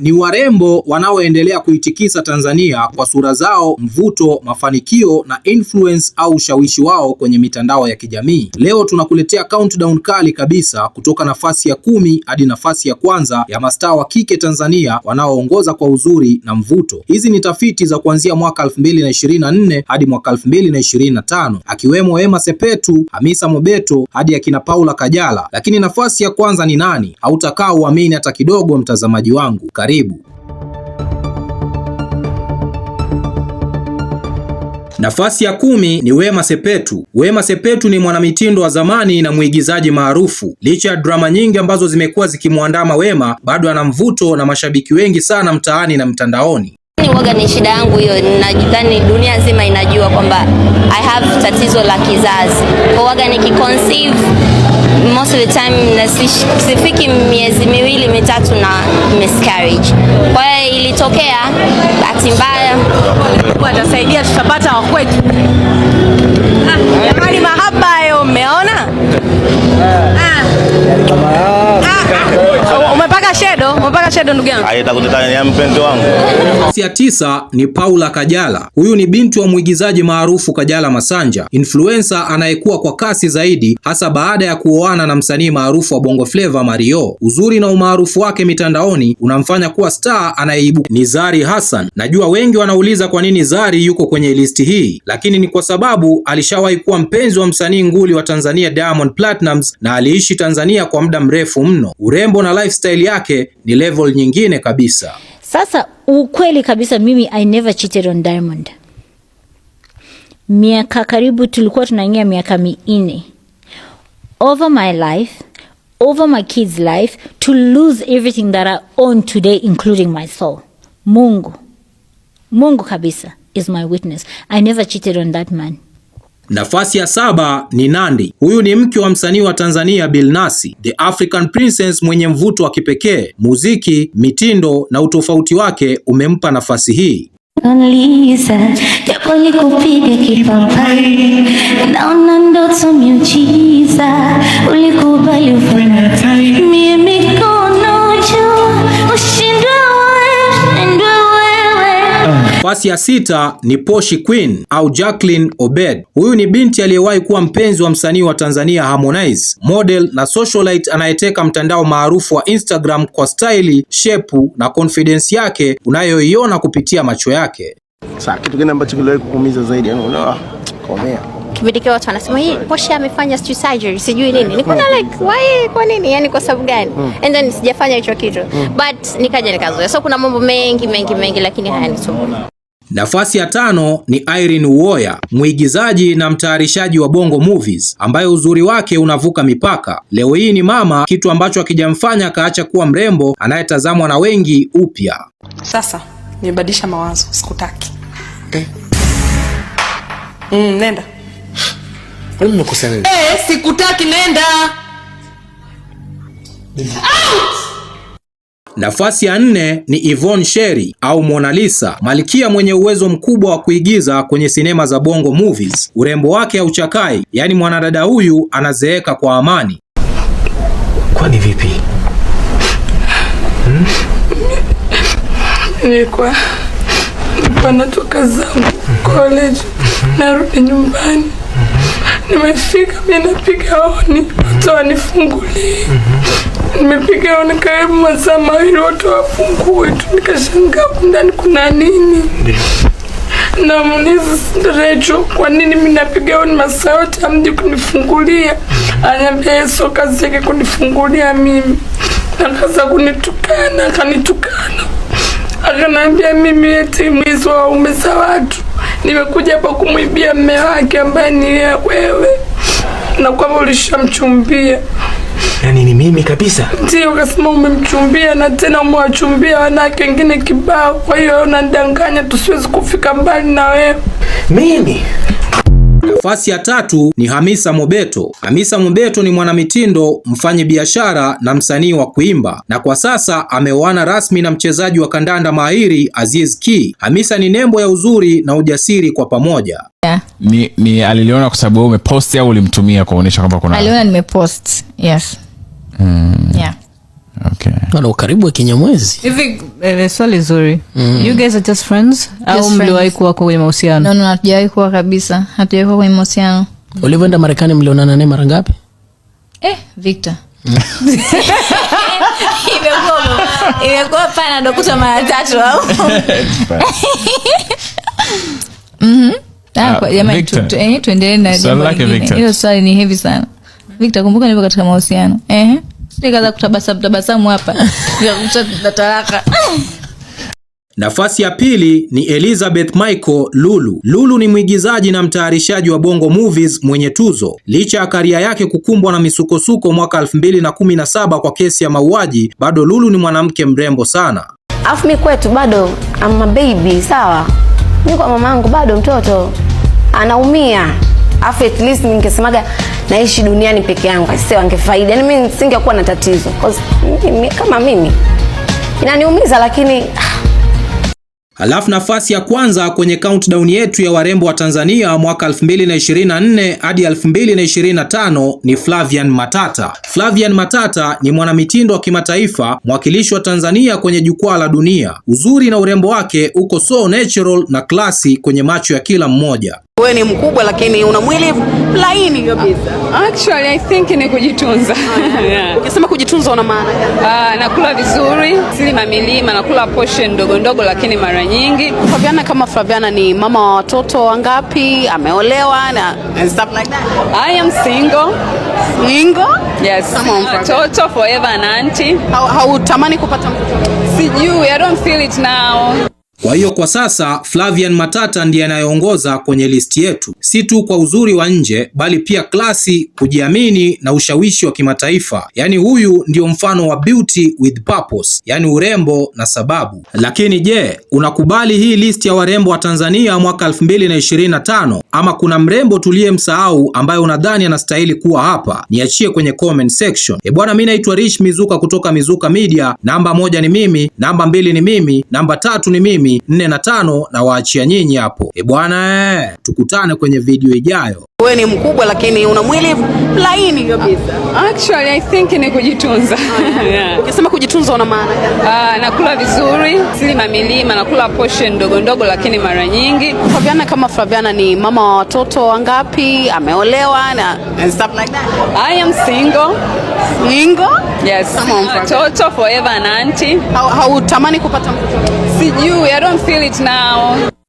Ni warembo wanaoendelea kuitikisa Tanzania kwa sura zao, mvuto, mafanikio na influence au ushawishi wao kwenye mitandao ya kijamii. Leo tunakuletea countdown kali kabisa kutoka nafasi ya kumi hadi nafasi ya kwanza ya mastaa wa kike Tanzania wanaoongoza kwa uzuri na mvuto. Hizi ni tafiti za kuanzia mwaka 2024 hadi mwaka 2025, akiwemo Emma Sepetu, Hamisa Mobeto hadi akina Paula Kajala. Lakini nafasi ya kwanza ni nani? Hautakaa uamini hata kidogo, mtazamaji wangu karibu. Nafasi ya kumi ni Wema Sepetu. Wema Sepetu ni mwanamitindo wa zamani na mwigizaji maarufu. Licha ya drama nyingi ambazo zimekuwa zikimwandama Wema, bado ana mvuto na mashabiki wengi sana mtaani na mtandaoni nadhani uoga ni shida yangu hiyo, nadhani dunia nzima inajua kwamba I have tatizo la kizazi. Kwa uoga nikiconceive most of the time nasifiki miezi miwili mitatu na miscarriage. Kwa hiyo ilitokea bahati mbaya, atasaidia tutapata wakwetu. Ah, jamani mahaba mmeona? Ah. Ah. Ah. Umepaka shedo, umepaka shedo ndugu yangu. Mpenzi wangu. tisa ni Paula Kajala. Huyu ni binti wa mwigizaji maarufu Kajala Masanja, influencer anayekuwa kwa kasi zaidi hasa baada ya kuoana na msanii maarufu wa Bongo Flava Mario. Uzuri na umaarufu wake mitandaoni unamfanya kuwa star anayeibu ni Zari Hassan. Najua wengi wanauliza kwa nini Zari yuko kwenye listi hii, lakini ni kwa sababu alishawahi kuwa mpenzi wa msanii nguli wa Tanzania Diamond Platnumz na aliishi Tanzania kwa muda mrefu mno. Urembo na lifestyle yake ni level nyingine kabisa. Sasa ukweli kabisa, mimi I never cheated on Diamond. Miaka karibu tulikuwa tunaingia miaka minne over my life over my kids life to lose everything that I own today including my soul. Mungu Mungu kabisa is my witness. I never cheated on that man. Nafasi ya saba ni nandi Huyu ni mke wa msanii wa Tanzania Billnass, the African Princess mwenye mvuto wa kipekee. Muziki, mitindo na utofauti wake umempa nafasi hii. Naona ndoto miujiza, ulikubali ufanye Nafasi ya sita ni Poshi Queen au Jacqueline Obed. Huyu ni binti aliyewahi kuwa mpenzi wa msanii wa Tanzania Harmonize, model na socialite anayeteka mtandao maarufu wa Instagram kwa staili, shepu na confidence yake unayoiona kupitia macho yake. Sasa kitu kingine ambacho kiliwahi kukuumiza zaidi? Yaani unaona ah, komea kipindi kile watu wanasema hii Poshi amefanya surgery sijui nini, niko na hmm. like why, kwa nini yani, kwa sababu gani? Hmm. And then sijafanya hicho kitu, hmm. but nikaja nikazoea. So kuna mambo mengi mengi mengi, lakini haya hayanisumbui. Nafasi ya tano ni Irene Uwoya, mwigizaji na mtayarishaji wa Bongo Movies ambaye uzuri wake unavuka mipaka. Leo hii ni mama, kitu ambacho akijamfanya akaacha kuwa mrembo anayetazamwa na wengi upya. Sasa nimebadilisha mawazo, sikutaki. Eh. Mm, nenda. Eh, sikutaki nenda. Ah! Nafasi ya nne ni Yvonne Sherry au Mona Lisa, malkia mwenye uwezo mkubwa wa kuigiza kwenye sinema za Bongo Movies. Urembo wake hauchakai, yaani mwanadada huyu anazeeka kwa amani. Kwani vipi? Hmm? Nilikuwa panatoka zangu college, mhm. narudi nyumbani mhm. Nimefika mimi napiga honi, watu wanifungulie. Nimepiga honi karibu masaa mawili, watu wafungue tu, nikashangaa ndani kuna nini? na muuliza Recho, kwa nini mimi napiga honi masaa yote amji kunifungulia? Ananiambia Yesu kazi yake kunifungulia mimi. Akaanza kunitukana, akanitukana, akaniambia mimi eti mwizi wa za watu nimekuja hapa kumwibia mme wake ambaye ni wewe, na kwamba ulishamchumbia. Yaani ni mimi kabisa? Ndio, ukasema umemchumbia na tena umewachumbia wanawake wengine kibao. Kwa hiyo unandanganya tusiwezi kufika mbali na wewe. Mimi Nafasi ya tatu ni Hamisa Mobeto. Hamisa Mobeto ni mwanamitindo, mfanyi biashara na msanii wa kuimba, na kwa sasa ameoana rasmi na mchezaji wa kandanda mahiri Aziz Ki. Hamisa ni nembo ya uzuri na ujasiri kwa pamoja. Yeah. Ni, ni aliliona kwa sababu umepost au ulimtumia kuonesha kwamba kuna. Aliona nimepost. Yes. Mm. Yeah. Okay. Ukaribu wa kinyamwezi hivi. Eh, swali zuri. Mm. You guys are just friends au mliwahi kuwa kwenye mahusiano? No, no, hatujawahi kuwa kabisa, hatujawahi kuwa kwenye mahusiano. Ulivyoenda Marekani mlionana naye mara ngapi? Eh, Victor. Mm. Imekuwa pana ndo kuta mara tatu au? Mhm. Ah, ah, eh, tuendelee na hiyo swali, ni heavy sana. Victor, kumbuka nipo katika mahusiano. Eh sikaza kutabasamu tabasamu hapa na talaka. Nafasi ya pili ni Elizabeth Michael Lulu. Lulu ni mwigizaji na mtayarishaji wa Bongo Movies mwenye tuzo. Licha ya karia yake kukumbwa na misukosuko mwaka 2017 kwa kesi ya mauaji, bado Lulu ni mwanamke mrembo sana. Afu mi kwetu bado ama baby sawa, mimi kwa mamangu bado mtoto anaumia, afu at least ningesemaga naishi duniani peke yangu, sasa wangefaidi. Yani mimi nisingekuwa na tatizo cause mimi, kama mimi inaniumiza lakini Halafu ah. nafasi ya kwanza kwenye countdown yetu ya warembo wa Tanzania mwaka 2024 hadi 2025 ni Flavian Matata. Flavian Matata ni mwanamitindo wa kimataifa, mwakilishi wa Tanzania kwenye jukwaa la dunia. Uzuri na urembo wake uko so natural na klasi kwenye macho ya kila mmoja. Wewe ni mkubwa lakini una mwili laini kabisa. Actually I think ni kujitunza. yeah. Ukisema kujitunza una maana Ah, nakula vizuri, sili mamilima, nakula portion ndogo ndogo lakini mara nyingi. Flaviana kama Flaviana ni mama wa watoto wangapi? Ameolewa na and stuff like that. I am single. Single? Yes. Kama mtoto forever and auntie. Hautamani kupata mtoto? Sijui, I don't feel it now. Kwa hiyo kwa sasa Flavian Matata ndiye anayeongoza kwenye listi yetu, si tu kwa uzuri wa nje, bali pia klasi, kujiamini na ushawishi wa kimataifa. Yaani huyu ndio mfano wa beauty with purpose, yaani urembo na sababu. Lakini je, unakubali hii listi ya warembo wa Tanzania mwaka 2025 ama kuna mrembo tuliyemsahau ambaye unadhani anastahili kuwa hapa? Niachie kwenye comment section. Eh bwana, mimi naitwa Rich Mizuka kutoka Mizuka Media. Namba moja ni mimi, namba mbili ni mimi, namba tatu ni mimi mimi nne na tano na waachia nyinyi hapo. E bwana, tukutane kwenye video ijayo. Wewe ni mkubwa lakini una mwili laini kabisa. Actually I think ni kujitunza. Yeah. Ukisema kujitunza una maana gani? Ah, nakula vizuri, sili mamilima, nakula portion ndogo ndogo lakini mara nyingi. Flaviana kama Flaviana ni mama wa watoto wangapi? Ameolewa na and stuff like that. I am single. Single? Yes. Watoto forever and auntie. Hautamani kupata mtoto? You, I don't feel it now.